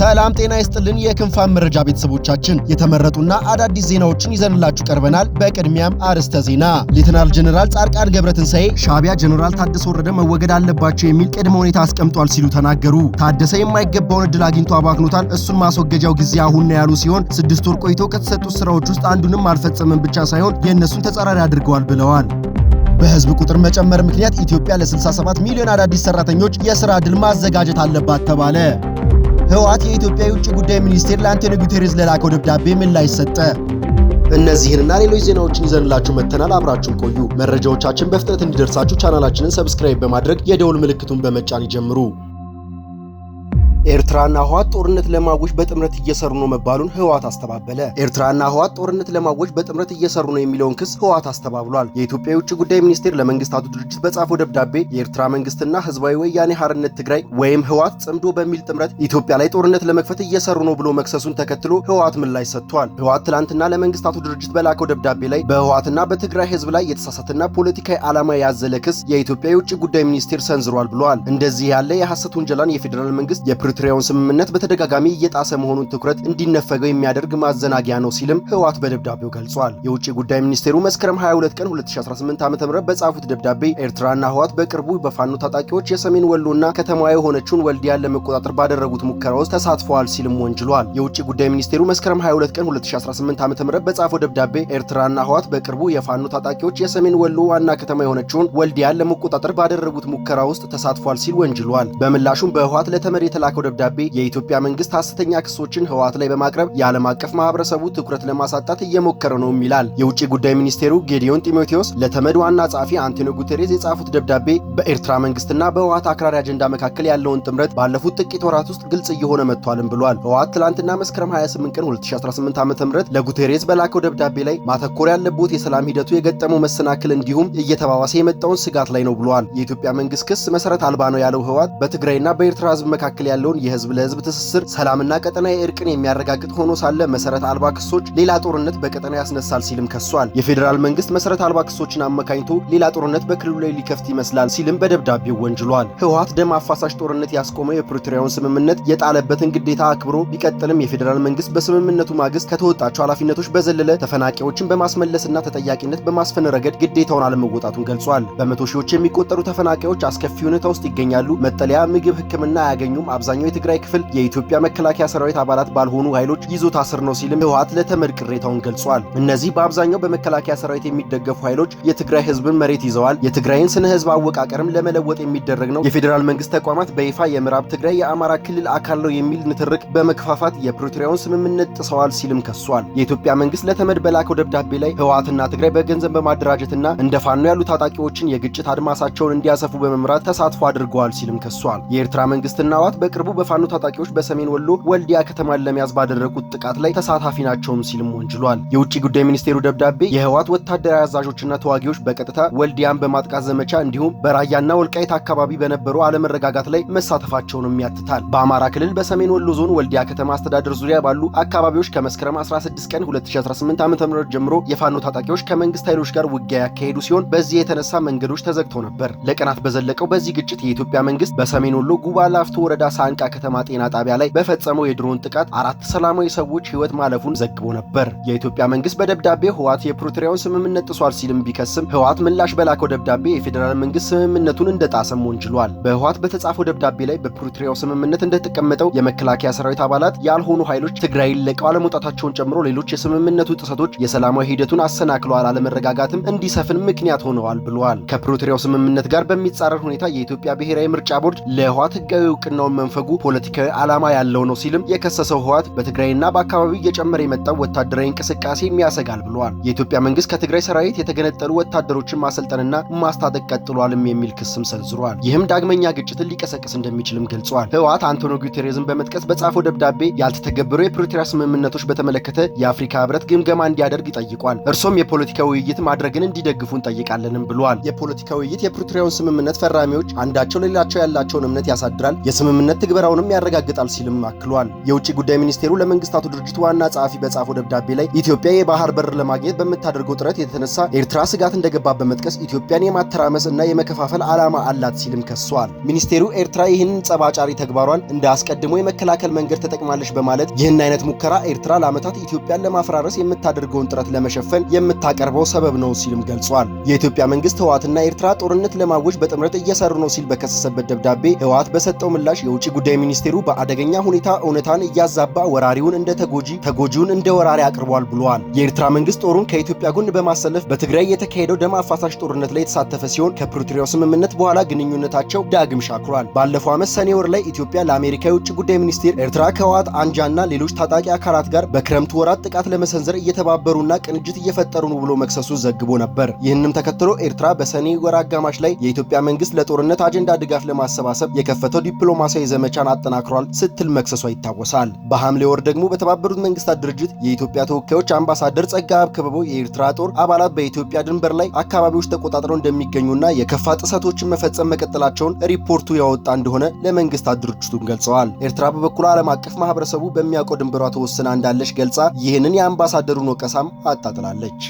ሰላም ጤና ይስጥልን። የክንፋን መረጃ ቤተሰቦቻችን የተመረጡና አዳዲስ ዜናዎችን ይዘንላችሁ ቀርበናል። በቅድሚያም አርዕስተ ዜና። ሌተናል ጀኔራል ጻድቃን ገብረትንሳኤ ሻቢያ ጀኔራል ታደሰ ወረደ መወገድ አለባቸው የሚል ቅድመ ሁኔታ አስቀምጧል ሲሉ ተናገሩ። ታደሰ የማይገባውን እድል አግኝቶ አባክኖታል፣ እሱን ማስወገጃው ጊዜ አሁን ነው ያሉ ሲሆን ስድስት ወር ቆይቶ ከተሰጡት ስራዎች ውስጥ አንዱንም አልፈጸመም ብቻ ሳይሆን የእነሱን ተጻራሪ አድርገዋል ብለዋል። በህዝብ ቁጥር መጨመር ምክንያት ኢትዮጵያ ለ67 ሚሊዮን አዳዲስ ሰራተኞች የስራ ዕድል ማዘጋጀት አለባት ተባለ። ህወሓት የኢትዮጵያ የውጭ ጉዳይ ሚኒስቴር ለአንቶኒ ጉቴሬስ ለላከው ደብዳቤ ምላሽ ሰጠ። እነዚህንና ሌሎች ዜናዎችን ይዘንላችሁ መጥተናል። አብራችሁን ቆዩ። መረጃዎቻችን በፍጥነት እንዲደርሳችሁ ቻናላችንን ሰብስክራይብ በማድረግ የደውል ምልክቱን በመጫን ይጀምሩ። ኤርትራና ህዋት ጦርነት ለማወጅ በጥምረት እየሰሩ ነው መባሉን ህዋት አስተባበለ። ኤርትራና ህወሓት ጦርነት ለማወጅ በጥምረት እየሰሩ ነው የሚለውን ክስ ህዋት አስተባብሏል። የኢትዮጵያ የውጭ ጉዳይ ሚኒስቴር ለመንግስታቱ ድርጅት በጻፈው ደብዳቤ የኤርትራ መንግስትና ህዝባዊ ወያኔ ሀርነት ትግራይ ወይም ህዋት ጽምዶ በሚል ጥምረት ኢትዮጵያ ላይ ጦርነት ለመክፈት እየሰሩ ነው ብሎ መክሰሱን ተከትሎ ህዋት ምላሽ ሰጥቷል። ህወሓት ትናንትና ለመንግስታቱ ድርጅት በላከው ደብዳቤ ላይ በህዋትና በትግራይ ህዝብ ላይ የተሳሳተና ፖለቲካዊ ዓላማ ያዘለ ክስ የኢትዮጵያ የውጭ ጉዳይ ሚኒስቴር ሰንዝሯል ብለዋል። እንደዚህ ያለ የሐሰት ውንጀላን የፌዴራል መንግስት የፕሪቶሪያውን ስምምነት በተደጋጋሚ እየጣሰ መሆኑን ትኩረት እንዲነፈገው የሚያደርግ ማዘናጊያ ነው ሲልም ህወሓት በደብዳቤው ገልጿል። የውጭ ጉዳይ ሚኒስቴሩ መስከረም 22 ቀን 2018 ዓ.ም በጻፉት ደብዳቤ ኤርትራና ህወሓት በቅርቡ በፋኖ ታጣቂዎች የሰሜን ወሎና ከተማዋ የሆነችውን ወልዲያን ለመቆጣጠር ባደረጉት ሙከራ ውስጥ ተሳትፈዋል ሲልም ወንጅሏል። የውጭ ጉዳይ ሚኒስቴሩ መስከረም 22 ቀን 2018 ዓ.ም በጻፈው ደብዳቤ ኤርትራና ህወሓት በቅርቡ የፋኖ ታጣቂዎች የሰሜን ወሎ ዋና ከተማ የሆነችውን ወልዲያን ለመቆጣጠር ባደረጉት ሙከራ ውስጥ ተሳትፏል ሲል ወንጅሏል። በምላሹም በህወሓት ለተመድ የተላከው በላከው ደብዳቤ የኢትዮጵያ መንግስት ሐሰተኛ ክሶችን ህወሓት ላይ በማቅረብ የዓለም አቀፍ ማህበረሰቡ ትኩረት ለማሳጣት እየሞከረ ነው ይላል። የውጭ ጉዳይ ሚኒስቴሩ ጌዲዮን ጢሞቴዎስ ለተመድ ዋና ጸሐፊ አንቶኒዮ ጉቴሬዝ የጻፉት ደብዳቤ በኤርትራ መንግስትና በህወሓት አክራሪ አጀንዳ መካከል ያለውን ጥምረት ባለፉት ጥቂት ወራት ውስጥ ግልጽ እየሆነ መጥቷልም ብሏል። ህወሓት ትላንትና መስከረም 28 ቀን 2018 ዓ.ም ለጉቴሬዝ በላከው ደብዳቤ ላይ ማተኮር ያለበት የሰላም ሂደቱ የገጠመው መሰናክል እንዲሁም እየተባባሰ የመጣውን ስጋት ላይ ነው ብሏል። የኢትዮጵያ መንግስት ክስ መሰረት አልባ ነው ያለው ህወሓት በትግራይና በኤርትራ ህዝብ መካከል ያለው ያለውን የህዝብ ለህዝብ ትስስር ሰላምና ቀጠናዊ እርቅን የሚያረጋግጥ ሆኖ ሳለ መሰረት አልባ ክሶች ሌላ ጦርነት በቀጠና ያስነሳል ሲልም ከሷል። የፌዴራል መንግስት መሰረት አልባ ክሶችን አመካኝቶ ሌላ ጦርነት በክልሉ ላይ ሊከፍት ይመስላል ሲልም በደብዳቤው ወንጅሏል። ህወሀት ደም አፋሳሽ ጦርነት ያስቆመው የፕሪቶሪያውን ስምምነት የጣለበትን ግዴታ አክብሮ ቢቀጥልም የፌዴራል መንግስት በስምምነቱ ማግስት ከተወጣቸው ኃላፊነቶች በዘለለ ተፈናቃዮችን በማስመለስና ተጠያቂነት በማስፈን ረገድ ግዴታውን አለመወጣቱን ገልጿል። በመቶ ሺዎች የሚቆጠሩ ተፈናቃዮች አስከፊ ሁኔታ ውስጥ ይገኛሉ። መጠለያ፣ ምግብ፣ ህክምና አያገኙም። አብዛኛው አብዛኛው የትግራይ ክፍል የኢትዮጵያ መከላከያ ሰራዊት አባላት ባልሆኑ ኃይሎች ይዞታ ስር ነው ሲልም ህወሓት ለተመድ ቅሬታውን ገልጿል። እነዚህ በአብዛኛው በመከላከያ ሰራዊት የሚደገፉ ኃይሎች የትግራይ ህዝብን መሬት ይዘዋል፣ የትግራይን ስነ ህዝብ አወቃቀርም ለመለወጥ የሚደረግ ነው፣ የፌዴራል መንግስት ተቋማት በይፋ የምዕራብ ትግራይ የአማራ ክልል አካል ነው የሚል ንትርክ በመክፋፋት የፕሪቶሪያውን ስምምነት ጥሰዋል ሲልም ከሷል። የኢትዮጵያ መንግስት ለተመድ በላከው ደብዳቤ ላይ ህወሓትና ትግራይ በገንዘብ በማደራጀትና እንደ ፋኖ ያሉ ታጣቂዎችን የግጭት አድማሳቸውን እንዲያሰፉ በመምራት ተሳትፎ አድርገዋል ሲልም ከሷል። የኤርትራ መንግስትና ህወሓት በቅርቡ በፋኖ ታጣቂዎች በሰሜን ወሎ ወልዲያ ከተማን ለመያዝ ባደረጉት ጥቃት ላይ ተሳታፊ ናቸውም ሲልም ወንጅሏል። የውጭ ጉዳይ ሚኒስቴሩ ደብዳቤ የህወሓት ወታደራዊ አዛዦችና ተዋጊዎች በቀጥታ ወልዲያን በማጥቃት ዘመቻ እንዲሁም በራያና ወልቃይት አካባቢ በነበሩ አለመረጋጋት ላይ መሳተፋቸውንም ያትታል። በአማራ ክልል በሰሜን ወሎ ዞን ወልዲያ ከተማ አስተዳደር ዙሪያ ባሉ አካባቢዎች ከመስከረም 16 ቀን 2018 ዓ.ም ጀምሮ የፋኖ ታጣቂዎች ከመንግስት ኃይሎች ጋር ውጊያ ያካሄዱ ሲሆን በዚህ የተነሳ መንገዶች ተዘግተው ነበር። ለቀናት በዘለቀው በዚህ ግጭት የኢትዮጵያ መንግስት በሰሜን ወሎ ጉባ ላፍቶ ወረዳ ሳን የሻለቃ ከተማ ጤና ጣቢያ ላይ በፈጸመው የድሮን ጥቃት አራት ሰላማዊ ሰዎች ህይወት ማለፉን ዘግቦ ነበር። የኢትዮጵያ መንግስት በደብዳቤ ህወሓት የፕሪቶሪያውን ስምምነት ጥሷል ሲልም ቢከስም ህወሓት ምላሽ በላከው ደብዳቤ የፌዴራል መንግስት ስምምነቱን እንደጣሰ መሆን ችሏል። በህወሓት በተጻፈው ደብዳቤ ላይ በፕሪቶሪያው ስምምነት እንደተቀመጠው የመከላከያ ሰራዊት አባላት ያልሆኑ ኃይሎች ትግራይን ለቀው አለመውጣታቸውን ጨምሮ ሌሎች የስምምነቱ ጥሰቶች የሰላማዊ ሂደቱን አሰናክለዋል፣ አለመረጋጋትም እንዲሰፍን ምክንያት ሆነዋል ብለዋል። ከፕሪቶሪያው ስምምነት ጋር በሚጻረር ሁኔታ የኢትዮጵያ ብሔራዊ ምርጫ ቦርድ ለህወሓት ህጋዊ እውቅናውን መንፈጉ ማድረጉ ፖለቲካዊ ዓላማ ያለው ነው ሲልም የከሰሰው ህወሓት በትግራይና በአካባቢው እየጨመረ የመጣው ወታደራዊ እንቅስቃሴ የሚያሰጋል ብለዋል። የኢትዮጵያ መንግስት ከትግራይ ሰራዊት የተገነጠሉ ወታደሮችን ማሰልጠንና ማስታጠቅ ቀጥሏልም የሚል ክስም ሰንዝሯል። ይህም ዳግመኛ ግጭትን ሊቀሰቅስ እንደሚችልም ገልጿል። ህወሓት አንቶኒዮ ጉቴሬዝን በመጥቀስ በጻፈው ደብዳቤ ያልተተገበሩ የፕሪቶሪያ ስምምነቶች በተመለከተ የአፍሪካ ህብረት ግምገማ እንዲያደርግ ይጠይቋል። እርሶም የፖለቲካ ውይይት ማድረግን እንዲደግፉ እንጠይቃለንም ብሏል። የፖለቲካ ውይይት የፕሪቶሪያውን ስምምነት ፈራሚዎች አንዳቸው ለሌላቸው ያላቸውን እምነት ያሳድራል፣ የስምምነት ትግበ ምርመራውንም ያረጋግጣል ሲልም አክሏል። የውጭ ጉዳይ ሚኒስቴሩ ለመንግስታቱ ድርጅት ዋና ጸሐፊ በጻፈው ደብዳቤ ላይ ኢትዮጵያ የባህር በር ለማግኘት በምታደርገው ጥረት የተነሳ ኤርትራ ስጋት እንደገባ በመጥቀስ ኢትዮጵያን የማተራመስ እና የመከፋፈል ዓላማ አላት ሲልም ከሷል። ሚኒስቴሩ ኤርትራ ይህንን ጸባጫሪ ተግባሯን እንደ አስቀድሞ የመከላከል መንገድ ተጠቅማለች በማለት ይህን አይነት ሙከራ ኤርትራ ለዓመታት ኢትዮጵያን ለማፈራረስ የምታደርገውን ጥረት ለመሸፈን የምታቀርበው ሰበብ ነው ሲልም ገልጿል። የኢትዮጵያ መንግስት ህወሓትና ኤርትራ ጦርነት ለማወጅ በጥምረት እየሰሩ ነው ሲል በከሰሰበት ደብዳቤ ህወሓት በሰጠው ምላሽ የውጭ ጉዳይ ሚኒስቴሩ በአደገኛ ሁኔታ እውነታን እያዛባ ወራሪውን እንደ ተጎጂ ተጎጂውን እንደ ወራሪ አቅርቧል ብሏል። የኤርትራ መንግስት ጦሩን ከኢትዮጵያ ጎን በማሰለፍ በትግራይ የተካሄደው ደም አፋሳሽ ጦርነት ላይ የተሳተፈ ሲሆን ከፕሪቶሪያው ስምምነት በኋላ ግንኙነታቸው ዳግም ሻክሯል። ባለፈው ዓመት ሰኔ ወር ላይ ኢትዮጵያ ለአሜሪካ የውጭ ጉዳይ ሚኒስቴር ኤርትራ ከህወሓት አንጃና ሌሎች ታጣቂ አካላት ጋር በክረምቱ ወራት ጥቃት ለመሰንዘር እየተባበሩና ቅንጅት እየፈጠሩ ነው ብሎ መክሰሱ ዘግቦ ነበር። ይህንም ተከትሎ ኤርትራ በሰኔ ወር አጋማሽ ላይ የኢትዮጵያ መንግስት ለጦርነት አጀንዳ ድጋፍ ለማሰባሰብ የከፈተው ዲፕሎማሲያዊ ዘመ ዘመቻን አጠናክሯል ስትል መክሰሷ ይታወሳል። በሐምሌ ወር ደግሞ በተባበሩት መንግስታት ድርጅት የኢትዮጵያ ተወካዮች አምባሳደር ጸጋብ ክበቦ የኤርትራ ጦር አባላት በኢትዮጵያ ድንበር ላይ አካባቢዎች ተቆጣጥረው እንደሚገኙና የከፋ ጥሰቶችን መፈጸም መቀጠላቸውን ሪፖርቱ ያወጣ እንደሆነ ለመንግስታት ድርጅቱን ገልጸዋል። ኤርትራ በበኩሏ ዓለም አቀፍ ማህበረሰቡ በሚያውቀው ድንበሯ ተወስና እንዳለች ገልጻ ይህንን የአምባሳደሩን ወቀሳም አጣጥላለች።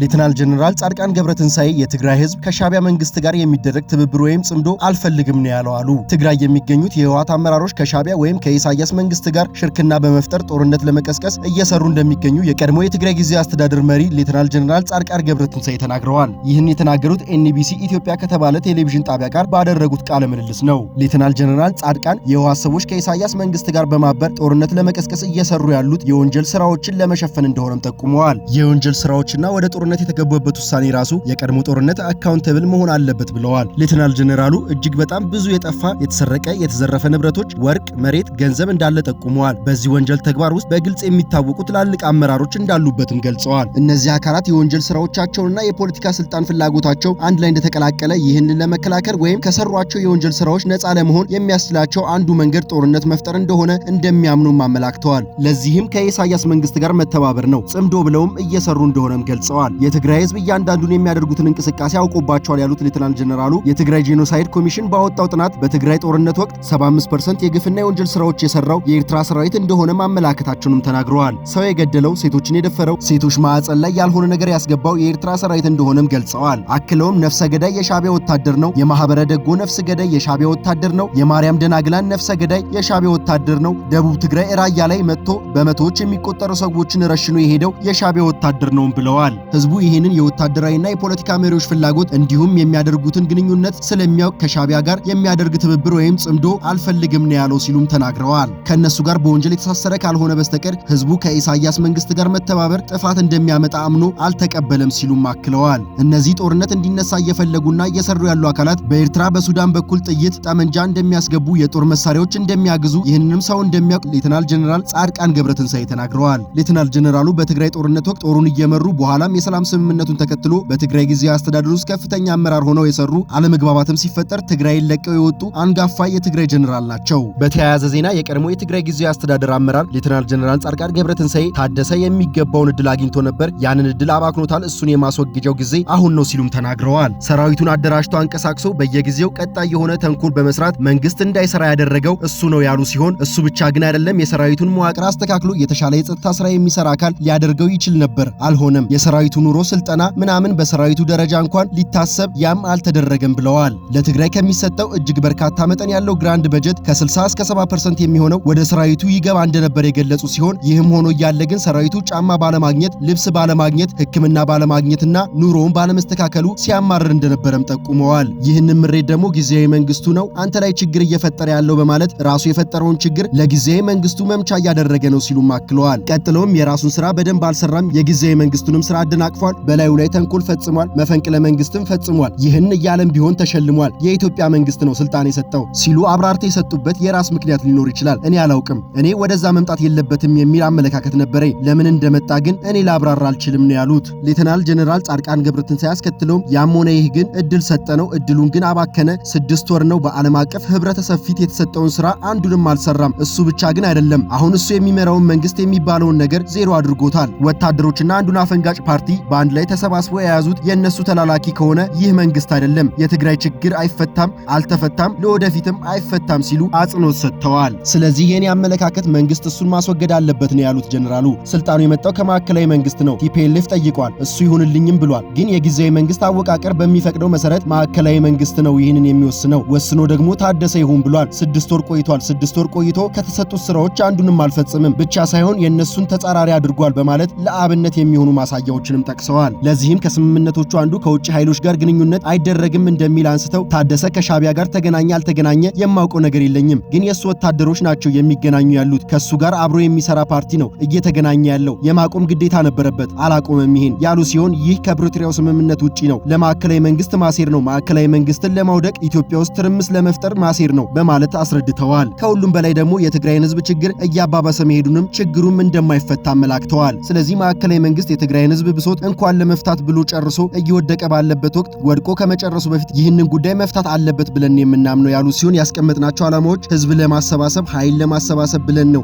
ሌትናል ጀኔራል ጻድቃን ገብረትንሳኤ የትግራይ ህዝብ ከሻቢያ መንግስት ጋር የሚደረግ ትብብር ወይም ጽምዶ አልፈልግም ነው ያለው አሉ። ትግራይ የሚገኙት የህወሓት አመራሮች ከሻቢያ ወይም ከኢሳያስ መንግስት ጋር ሽርክና በመፍጠር ጦርነት ለመቀስቀስ እየሰሩ እንደሚገኙ የቀድሞ የትግራይ ጊዜ አስተዳደር መሪ ሌትናል ጀኔራል ጻድቃን ገብረትንሳኤ ተናግረዋል። ይህን የተናገሩት ኤንቢሲ ኢትዮጵያ ከተባለ ቴሌቪዥን ጣቢያ ጋር ባደረጉት ቃለ ምልልስ ነው። ሌትናል ጀኔራል ጻድቃን የህወሓት ሰዎች ከኢሳያስ መንግስት ጋር በማበር ጦርነት ለመቀስቀስ እየሰሩ ያሉት የወንጀል ስራዎችን ለመሸፈን እንደሆነም ጠቁመዋል። የወንጀል ስራዎችና ወደ ጦርነት የተገቡበት ውሳኔ ራሱ የቀድሞ ጦርነት አካውንተብል መሆን አለበት ብለዋል። ሌተናል ጀኔራሉ እጅግ በጣም ብዙ የጠፋ የተሰረቀ፣ የተዘረፈ ንብረቶች፣ ወርቅ፣ መሬት፣ ገንዘብ እንዳለ ጠቁመዋል። በዚህ ወንጀል ተግባር ውስጥ በግልጽ የሚታወቁ ትላልቅ አመራሮች እንዳሉበትም ገልጸዋል። እነዚህ አካላት የወንጀል ስራዎቻቸውንና የፖለቲካ ስልጣን ፍላጎታቸው አንድ ላይ እንደተቀላቀለ ይህንን ለመከላከል ወይም ከሰሯቸው የወንጀል ስራዎች ነጻ ለመሆን የሚያስችላቸው አንዱ መንገድ ጦርነት መፍጠር እንደሆነ እንደሚያምኑም አመላክተዋል። ለዚህም ከኢሳያስ መንግስት ጋር መተባበር ነው ጽምዶ ብለውም እየሰሩ እንደሆነም ገልጸዋል። የትግራይ ህዝብ እያንዳንዱን የሚያደርጉትን እንቅስቃሴ አውቆባቸዋል ያሉት ሌተናንት ጀነራሉ የትግራይ ጄኖሳይድ ኮሚሽን ባወጣው ጥናት በትግራይ ጦርነት ወቅት 75% የግፍና የወንጀል ስራዎች የሰራው የኤርትራ ሰራዊት እንደሆነ ማመላከታቸውንም ተናግረዋል። ሰው የገደለው፣ ሴቶችን የደፈረው፣ ሴቶች ማዕፀን ላይ ያልሆነ ነገር ያስገባው የኤርትራ ሰራዊት እንደሆነም ገልጸዋል። አክለውም ነፍሰ ገዳይ የሻቢያ ወታደር ነው፣ የማህበረ ደጎ ነፍስ ገዳይ የሻቢያ ወታደር ነው፣ የማርያም ደናግላን ነፍሰ ገዳይ የሻቢያ ወታደር ነው፣ ደቡብ ትግራይ ራያ ላይ መጥቶ በመቶዎች የሚቆጠሩ ሰዎችን ረሽኖ የሄደው የሻቢያ ወታደር ነውም ብለዋል። ህዝቡ ይህንን የወታደራዊና የፖለቲካ መሪዎች ፍላጎት እንዲሁም የሚያደርጉትን ግንኙነት ስለሚያውቅ ከሻቢያ ጋር የሚያደርግ ትብብር ወይም ጽምዶ አልፈልግም ነው ያለው ሲሉም ተናግረዋል። ከእነሱ ጋር በወንጀል የተሳሰረ ካልሆነ በስተቀር ህዝቡ ከኢሳያስ መንግስት ጋር መተባበር ጥፋት እንደሚያመጣ አምኖ አልተቀበለም ሲሉም አክለዋል። እነዚህ ጦርነት እንዲነሳ እየፈለጉና እየሰሩ ያሉ አካላት በኤርትራ በሱዳን በኩል ጥይት፣ ጠመንጃ እንደሚያስገቡ፣ የጦር መሳሪያዎች እንደሚያግዙ ይህንንም ሰው እንደሚያውቅ ሌተናል ጀኔራል ጻድቃን ገብረትንሳኤ ተናግረዋል። ሌተናል ጀነራሉ በትግራይ ጦርነት ወቅት ጦሩን እየመሩ በኋላም የሰላም ስምምነቱን ተከትሎ በትግራይ ጊዜያዊ አስተዳደር ውስጥ ከፍተኛ አመራር ሆነው የሰሩ አለመግባባትም ሲፈጠር ትግራይን ለቀው የወጡ አንጋፋ የትግራይ ጀኔራል ናቸው። በተያያዘ ዜና የቀድሞ የትግራይ ጊዜያዊ አስተዳደር አመራር ሌተናል ጀኔራል ጻድቃን ገብረትንሳኤ ታደሰ የሚገባውን እድል አግኝቶ ነበር፣ ያንን እድል አባክኖታል፣ እሱን የማስወገጃው ጊዜ አሁን ነው ሲሉም ተናግረዋል። ሰራዊቱን አደራጅቶ አንቀሳቅሶ በየጊዜው ቀጣይ የሆነ ተንኮል በመስራት መንግስት እንዳይሰራ ያደረገው እሱ ነው ያሉ ሲሆን እሱ ብቻ ግን አይደለም፣ የሰራዊቱን መዋቅር አስተካክሎ የተሻለ የጸጥታ ስራ የሚሰራ አካል ሊያደርገው ይችል ነበር፣ አልሆነም። የሰራዊቱን ኑሮ ስልጠና ምናምን በሰራዊቱ ደረጃ እንኳን ሊታሰብ ያም አልተደረገም ብለዋል። ለትግራይ ከሚሰጠው እጅግ በርካታ መጠን ያለው ግራንድ በጀት ከ60 እስከ 70% የሚሆነው ወደ ሰራዊቱ ይገባ እንደነበር የገለጹ ሲሆን ይህም ሆኖ እያለ ግን ሰራዊቱ ጫማ ባለማግኘት፣ ልብስ ባለማግኘት፣ ሕክምና ባለማግኘትና ኑሮውን ባለመስተካከሉ ሲያማርር እንደነበረም ጠቁመዋል። ይህንን ምሬት ደግሞ ጊዜያዊ መንግስቱ ነው አንተ ላይ ችግር እየፈጠረ ያለው በማለት ራሱ የፈጠረውን ችግር ለጊዜያዊ መንግስቱ መምቻ እያደረገ ነው ሲሉም አክለዋል። ቀጥሎም የራሱን ስራ በደንብ አልሰራም፣ የጊዜያዊ መንግስቱንም ስራ አደናቅ ተነቃቅፏል፣ በላዩ ላይ ተንኮል ፈጽሟል፣ መፈንቅለ መንግስትም ፈጽሟል። ይህን እያለም ቢሆን ተሸልሟል። የኢትዮጵያ መንግስት ነው ስልጣን የሰጠው ሲሉ አብራርተ የሰጡበት የራስ ምክንያት ሊኖር ይችላል። እኔ አላውቅም። እኔ ወደዛ መምጣት የለበትም የሚል አመለካከት ነበረኝ። ለምን እንደመጣ ግን እኔ ላብራራ አልችልም ነው ያሉት። ሌተናል ጀኔራል ጻድቃን ገብረትንሳኤ አስከትለውም ያም ሆነ ይህ ግን እድል ሰጠነው ነው እድሉን ግን አባከነ። ስድስት ወር ነው በዓለም አቀፍ ህብረተሰብ ፊት የተሰጠውን ስራ አንዱንም አልሰራም። እሱ ብቻ ግን አይደለም አሁን እሱ የሚመራውን መንግስት የሚባለውን ነገር ዜሮ አድርጎታል። ወታደሮችና አንዱን አፈንጋጭ ፓርቲ በአንድ ላይ ተሰባስበው የያዙት የእነሱ ተላላኪ ከሆነ ይህ መንግስት አይደለም። የትግራይ ችግር አይፈታም፣ አልተፈታም፣ ለወደፊትም አይፈታም ሲሉ አጽንኦት ሰጥተዋል። ስለዚህ የኔ አመለካከት መንግስት እሱን ማስወገድ አለበት ነው ያሉት ጀኔራሉ። ስልጣኑ የመጣው ከማዕከላዊ መንግስት ነው። ቲፒኤልኤፍ ጠይቋል፣ እሱ ይሁንልኝም ብሏል። ግን የጊዜያዊ መንግስት አወቃቀር በሚፈቅደው መሰረት ማዕከላዊ መንግስት ነው ይህንን የሚወስነው። ወስኖ ደግሞ ታደሰ ይሁን ብሏል። ስድስት ወር ቆይቷል። ስድስት ወር ቆይቶ ከተሰጡት ስራዎች አንዱንም አልፈጽምም ብቻ ሳይሆን የእነሱን ተጻራሪ አድርጓል በማለት ለአብነት የሚሆኑ ማሳያዎችንም መሆኑንም ጠቅሰዋል። ለዚህም ከስምምነቶቹ አንዱ ከውጭ ኃይሎች ጋር ግንኙነት አይደረግም እንደሚል አንስተው ታደሰ ከሻቢያ ጋር ተገናኘ አልተገናኘ የማውቀው ነገር የለኝም፣ ግን የእሱ ወታደሮች ናቸው የሚገናኙ ያሉት። ከእሱ ጋር አብሮ የሚሰራ ፓርቲ ነው እየተገናኘ ያለው። የማቆም ግዴታ ነበረበት፣ አላቆመም ይሄን ያሉ ሲሆን ይህ ከፕሪቶሪያው ስምምነት ውጪ ነው፣ ለማዕከላዊ መንግስት ማሴር ነው፣ ማዕከላዊ መንግስትን ለማውደቅ ኢትዮጵያ ውስጥ ትርምስ ለመፍጠር ማሴር ነው በማለት አስረድተዋል። ከሁሉም በላይ ደግሞ የትግራይን ህዝብ ችግር እያባባሰ መሄዱንም ችግሩም እንደማይፈታ አመላክተዋል። ስለዚህ ማዕከላዊ መንግስት የትግራይን ህዝብ ብሶ አስፍቶት እንኳን ለመፍታት ብሎ ጨርሶ እየወደቀ ባለበት ወቅት ወድቆ ከመጨረሱ በፊት ይህንን ጉዳይ መፍታት አለበት ብለን የምናምነው ያሉ ሲሆን ያስቀመጥናቸው ዓላማዎች ህዝብ ለማሰባሰብ ኃይል ለማሰባሰብ ብለን ነው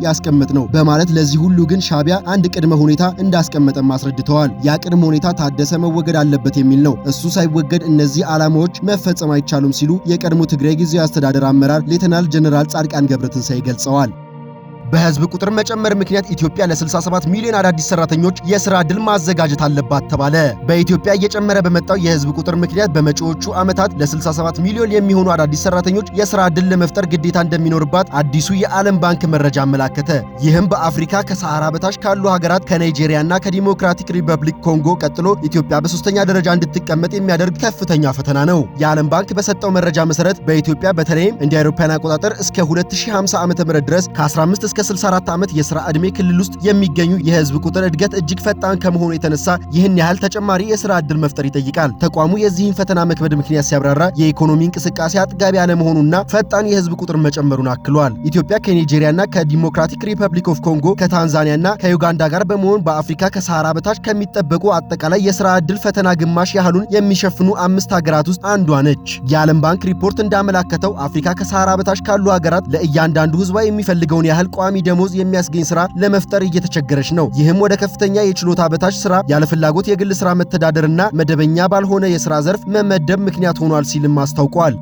ነው በማለት ለዚህ ሁሉ ግን ሻቢያ አንድ ቅድመ ሁኔታ እንዳስቀመጠም አስረድተዋል። ያ ቅድመ ሁኔታ ታደሰ መወገድ አለበት የሚል ነው። እሱ ሳይወገድ እነዚህ ዓላማዎች መፈጸም አይቻሉም ሲሉ የቀድሞ ትግራይ ጊዜያዊ አስተዳደር አመራር ሌተናል ጀነራል ጻድቃን ገብረትንሳኤ ገልጸዋል። በህዝብ ቁጥር መጨመር ምክንያት ኢትዮጵያ ለ67 ሚሊዮን አዳዲስ ሰራተኞች የስራ ዕድል ማዘጋጀት አለባት ተባለ። በኢትዮጵያ እየጨመረ በመጣው የህዝብ ቁጥር ምክንያት በመጪዎቹ ዓመታት ለ67 ሚሊዮን የሚሆኑ አዳዲስ ሰራተኞች የስራ ዕድል ለመፍጠር ግዴታ እንደሚኖርባት አዲሱ የዓለም ባንክ መረጃ አመላከተ። ይህም በአፍሪካ ከሰሃራ በታች ካሉ ሀገራት ከናይጄሪያና ከዲሞክራቲክ ሪፐብሊክ ኮንጎ ቀጥሎ ኢትዮጵያ በሶስተኛ ደረጃ እንድትቀመጥ የሚያደርግ ከፍተኛ ፈተና ነው። የዓለም ባንክ በሰጠው መረጃ መሰረት በኢትዮጵያ በተለይም እንደ አውሮፓውያን አቆጣጠር እስከ 2050 .ም ድረስ ከ15 እስከ ከ64 ዓመት የሥራ ዕድሜ ክልል ውስጥ የሚገኙ የህዝብ ቁጥር እድገት እጅግ ፈጣን ከመሆኑ የተነሳ ይህን ያህል ተጨማሪ የሥራ ዕድል መፍጠር ይጠይቃል። ተቋሙ የዚህን ፈተና መክበድ ምክንያት ሲያብራራ የኢኮኖሚ እንቅስቃሴ አጥጋቢ አለመሆኑና ፈጣን የህዝብ ቁጥር መጨመሩን አክሏል። ኢትዮጵያ ከኒጄሪያና ከዲሞክራቲክ ሪፐብሊክ ኦፍ ኮንጎ ከታንዛኒያና ከዩጋንዳ ጋር በመሆን በአፍሪካ ከሰሃራ በታች ከሚጠበቁ አጠቃላይ የሥራ ዕድል ፈተና ግማሽ ያህሉን የሚሸፍኑ አምስት ሀገራት ውስጥ አንዷ ነች። የዓለም ባንክ ሪፖርት እንዳመላከተው አፍሪካ ከሰሃራ በታች ካሉ ሀገራት ለእያንዳንዱ ህዝቧ የሚፈልገውን ያህል ቋሚ ቋሚ ደሞዝ የሚያስገኝ ስራ ለመፍጠር እየተቸገረች ነው። ይህም ወደ ከፍተኛ የችሎታ በታች ስራ፣ ያለፍላጎት የግል ስራ መተዳደርና መደበኛ ባልሆነ የስራ ዘርፍ መመደብ ምክንያት ሆኗል ሲልም አስታውቋል።